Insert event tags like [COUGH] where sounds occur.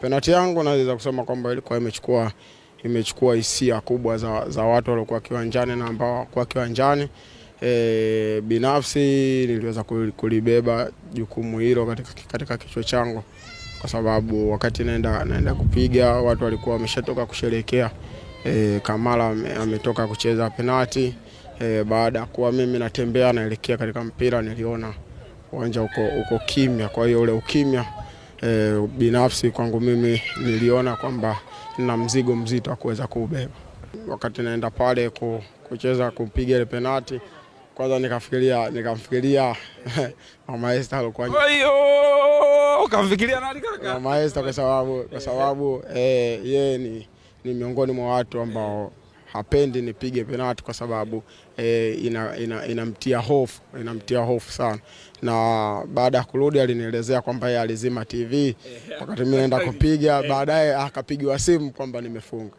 Penati yangu naweza kusema kwamba ilikuwa imechukua imechukua hisia kubwa za, za watu waliokuwa kiwanjani na ambao hawakuwa kiwanjani. E, binafsi niliweza kulibeba jukumu hilo katika, katika kichwa changu kwa sababu wakati naenda, naenda kupiga watu walikuwa wameshatoka kusherehekea. E, Kamala ametoka kucheza penati e, baada ya kuwa mimi natembea naelekea katika mpira, niliona uwanja uko, uko kimya. Kwa hiyo ule ukimya e, binafsi kwangu mimi niliona kwamba nina mzigo mzito wa kuweza kuubeba. Wakati naenda pale kucheza kupiga ile penati, kwanza nikafikiria nikamfikiria [LAUGHS] Mama Esther alikuwa ukamfikiria nani kaka? Mama Esther kwa sababu kwa sababu eh, yeye ni, ni miongoni mwa watu ambao hapendi nipige penalti kwa sababu e, eh, inamtia ina, ina hofu inamtia hofu sana, na baada ya kurudi alinielezea kwamba yeye alizima TV eh. wakati mimi naenda kupiga, [LAUGHS] baadaye akapigiwa simu kwamba nimefunga.